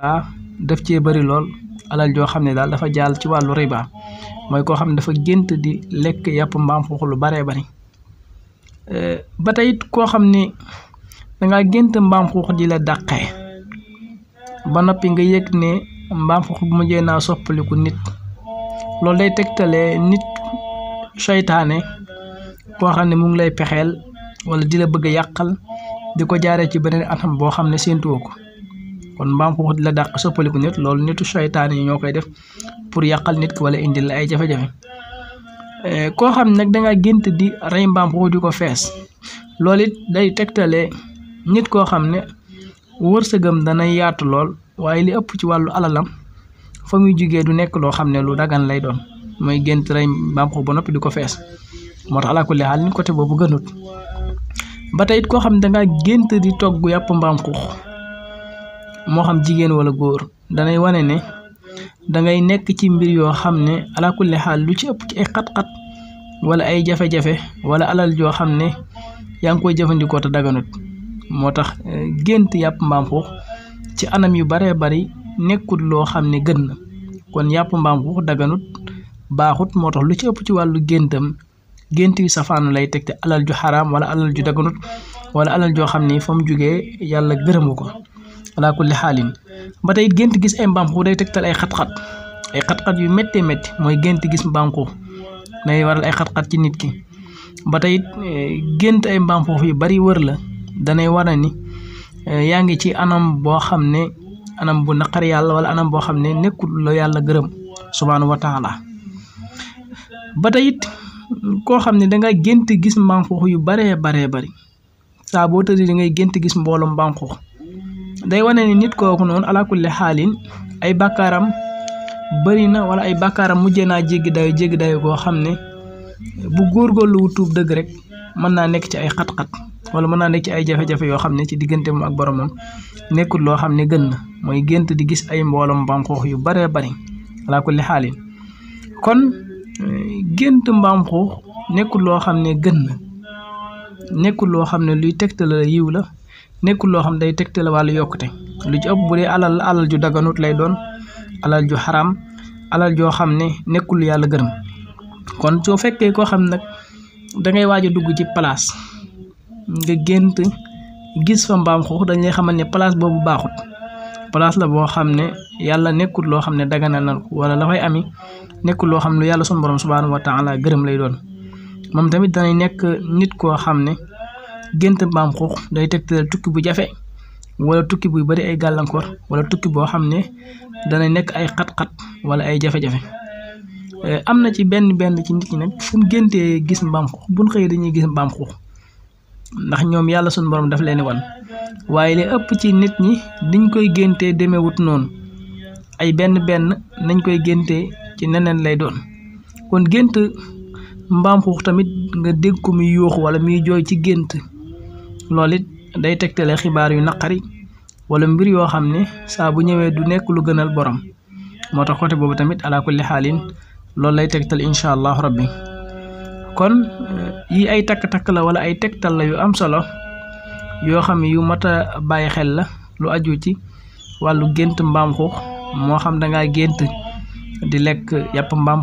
riba def cee bari lool alal joo xam ne daal dafa jaal ci wàllu riba mooy koo xam ne dafa gént di lekk yàpp mbaam xuux lu baree bari eh, ba tey koo xam ne danga gént mbaam xuux di la dàqee ba noppi nga yëg ne mbaam xuux bu mujjee naa soppaliku nit loolu day tegtalee nit seytaane koo xam ne mu ngi lay pexeel wala di la bëgg a yàqal di ko jaaree ci beneen atam boo xam ne séentuwoo ko kon mbaam xuux di la dàq soppaliku nit loolu nitu shaytaan yi ñoo koy def pour yàqal nit ki wala indil la ay jafe-jafe eh, koo xam nag da nga gént di rey mbaam xuux di ko fees loolu it day tegtale nit koo xam ne wërsëgam dana yaatu lool waaye li ëpp ci wàllu alalam fa muy jugee du nekk loo xam ne lu dagan lay doon mooy gént rey mbaam xuux ba noppi di ko fees moo tax ni côté boobu gënut ba tey it koo xam ne da nga gént di togg yàpp mbaam xuux moo xam jigéen wala góor danay wane ne dangay nekk ci mbir yoo xam ne ala ne xaal lu ci ëpp ci ay xat-xat wala ay jafe-jafe wala alal joo xam ne yaa ngi koy jëfandikoo te moo tax eh, gént yàpp mbaam ci anam yu baree bari nekkul loo xam ne gën na kon yàpp mbaam xuux daganut baaxut moo tax lu ci ëpp ci wàllu géntam gént yu safaanu lay teg te alal ju xaraam wala alal ju daganut wala alal joo xam ne fa mu jógee yàlla gërëmu ko ala kulli xaalin ba tey gént gis ay mbaam day tegtal ay xat-xat ay xat-xat yu méttee métti mooy gént gis mbaam day waral ay xat-xat ci nit ki ba tey eh, gént ay mbaam yu bari wër la danay war ni eh, yaa ngi ci anam boo xam ne anam bu naqar yàlla wala anam boo xam ne nekkul la yàlla gërëm subhaanahu wa taala ba it koo xam ne danga gént gis mbaam yu baree baree bari saa boo tëddee dangay gént gis mbooloo mbaam day wane ni nit kooku noonu alaakulli xaalin ay bàkkaaram bari na wala ay bàkkaaram mujjee naa jéggi dayo jéggi dayo koo xam ne bu góor wu tuub dëgg rek mën naa nekk ci ay xat-xat wala mën naa nekk ci ay jafe-jafe yoo xam ne ci diggante moom ak boromam nekkul loo xam ne gën na mooy gént di gis ay mbooloom mbaam yu bëree bëri alaakulli xaalin kon gént mbaam nekkul loo xam ne gën na nekkul loo xam ne luy tegtal la yiw la nekkul loo xam day tegtale wàllu yokkute lu ci ëpp bu dee alal alal ju daganut lay doon alal ju xaram alal joo xam ne nekkul yàlla gërëm kon soo fekkee koo xam nag dangay waaj a dugg ci place nga gént gis fa mbaam xuux dañ lay xamal ne place boobu baaxut place la boo xam ne yàlla nekkul loo xam ne daganal na ko wala la ami nekkul xam ne yàlla sunu borom subhaanahu wa taala gërëm lay doon moom tamit danay nekk nit koo xam ne. gént mbaam xuux day tegtal tukki bu jafe wala tukki buy bari ay gàllankoor wala tukki boo xam ne danay nekk ay xat-xat wala ay jafe-jafe eh, am na ci benn benn ci nit ñi nag fu géntee gis mbaam xuux buñ xëyee dañuy gis mbaam xuux ndax ñoom yàlla suñu borom daf leen wan waaye li ëpp ci nit ñi diñ koy géntee demeewut noonu ay benn benn nañ koy géntee ci neneen lay doon kon gént mbaam xuux tamit nga dégg ko muy yuux wala muy jooy ci gént lool it day tegtale xibaar yu naqari wala mbir yoo xam ne saa bu ñëwee du nekk lu gënal borom moo tax côté boobu tamit ala xaalin loolu lay tegtal incha allah rabbi kon eh, yi ay takk-takk la wala ay tegtal la yu am solo yoo xam yu mat bàyyi xel la lu aju ci wàllu gént mbaam xuux moo xam da gént di lekk yàpp mbaam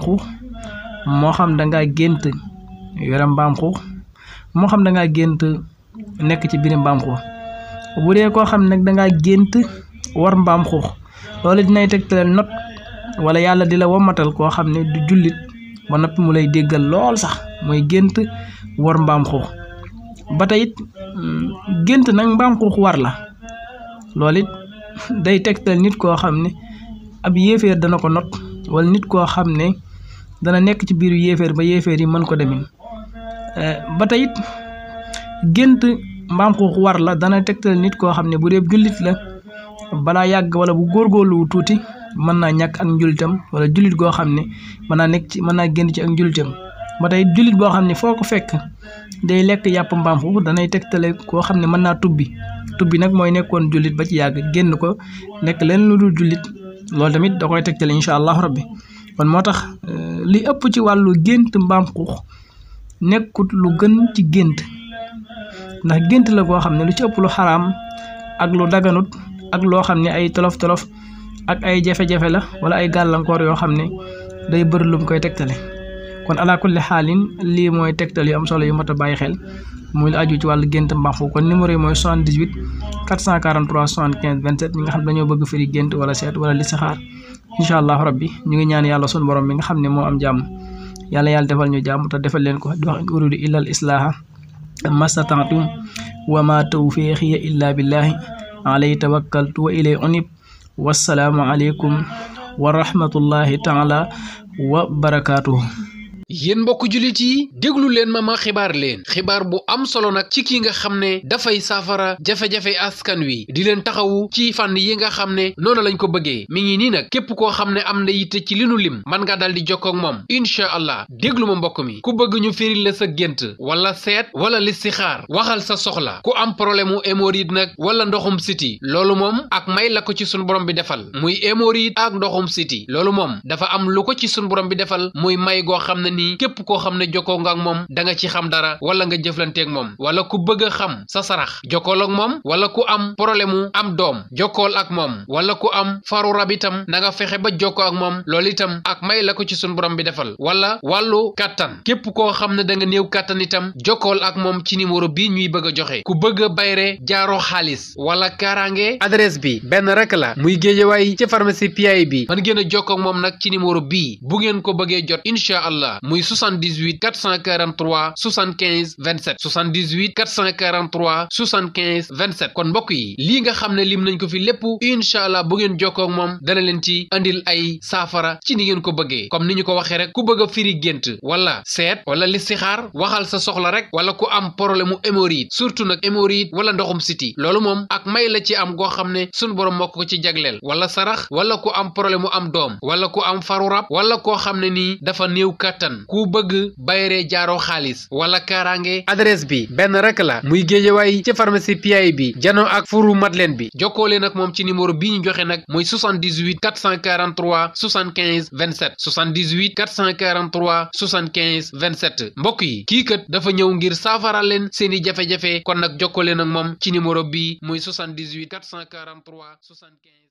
moo xam da ngaa yore mbaam xuux moo xam da gént nekk ci biir mbaam xuux bu dee koo xam ne nag dangay gént war mbaam xuux loolu dinay tegtale not wala yàlla di la womatal koo xam ne du jullit ba noppi mu lay déggal lool sax mooy gént war mbaam xuux ba tey it mm, gént nag mbaam xuux war la lool it day tegtal nit koo xam ne ab yéeféer dana ko not wala nit koo xam ne dana nekk ci biiru yéeféer ba yéeféer yi mën ko demin eh, ba gént mbaam xuux war la dana tegtal nit koo xam ne bu dee jullit la balaa yàgg wala bu góor góorgóorlu tuuti mën naa ñàkk ak njulitam wala jullit goo xam ne mën naa nekk ci mën naa génn ci ak njullitam ba tey jullit boo xam ne foo ko fekk day lekk yàpp mbaam xuux danay tegtale koo xam ne mën naa tubbi tubbi nag mooy nekkoon jullit ba ci yàgg génn ko nekk leen lu dul jullit loolu tamit da koy tegtale incha allahu rabbi kon moo tax euh, li ëpp ci wàllu gént mbaam xuux nekkut lu gën ci gént ndax gént la goo xam ne lu ci ëpp lu xaraam ak lu daganut ak loo xam ne ay tolof tolof ak ay jafe-jafe la wala ay gàllankoor yoo xam ne day bëri lum koy tegtale kon ala kulli xaalin lii mooy tegtal yu am solo yu mat a bàyyi xel muy lu aju ci wàllu gént mbaxu kon numéro yi mooy 78 443 75 27 ñi nga xam dañoo bëgg firi gént wala seet wala listixaar incha allah rabbi ñu ngi ñaan yàlla sunu borom mi nga xam ne moo am jàmm yàlla yàlla defal ñu jàmm defal leen ko di wax ما استطعتم وما توفيقي إلا بالله علي توكلت وإلي أنب والسلام عليكم ورحمة الله تعالى وبركاته yéen mbokk jullit yi déglu leen ma ma xibaar leen xibaar bu am solo nag ci kii nga xam ne dafay saafara jafe-jafe askan wi di leen taxawu ci fànn yi nga xam ne noonu lañ ko bëggee mi ngi nii nag képp koo xam ne am na yitte ci li nu lim man nga dal di jokkoo moom incha allah déglu ma mbokk mi ku bëgg ñu firil la sa gént wala seet wala listixaar waxal sa soxla ku am problème mu hémorroïde nag wala ndoxum siti loolu moom ak may la ko ci sunu borom bi defal muy hémorroïde ak ndoxum siti loolu moom dafa am lu ko bi defal muy may nii képp koo xam ne jokkoo ak moom da nga ci xam dara wala nga jëflanteeg moom wala ku bëgg a xam sa sarax jokkool ak moom wala ku am problème mu am doom jokkool ak moom wala ku am faru rab itam na nga fexe ba jokkoo ak moom loolu itam ak may la ko ci sunu borom bi defal wala wàllu kàttan képp koo xam ne da nga néew kàttan itam jokkool ak moom ci numéro bii ñuy bëgg a joxe ku bëgg bayre jaaro xaalis wala kaaraange adresse bi benn rek la muy géejewaay ci pharmacie PIA bi mën ngeen a jokkoo ak moom ci numéro bii bu ngeen ko bëggee jot incha allah muy 78 443 75 27 78 443 75 27 kon mbokk yi lii nga xam ne lim nañ ko fi lépp incha allah bu ngeen jokkoo moom dana leen ci indil ay saafara ci ni ngeen ko bëggee comme ni ñu ko waxee rek ku bëgg a firi gént wala seet wala listixaar waxal sa soxla rek wala ku am problème mu hémorroïde surtout nag hémorroïde wala ndoxum siti loolu moom ak may la ci am goo xam ne suñu borom moo ko ci jagleel wala sarax wala ku am problème mu am doom wala ku am faru rab wala koo xam ne nii dafa néew kàttan man ku bëgg bayre jaaro xaalis wala kaaraange adresse bi benn rek la muy géejawaay ci pharmacie PI bi jano ak furu Madeleine bi jokkoo leen ak moom ci numéro bii ñu joxe nag mooy 78 443 75 27 78 443 75 27 mbokk yi kii kat dafa ñëw ngir saafara leen seeni jafe-jafe kon nag jokkoo leen ak moom ci numéro bi muy 78 443 75.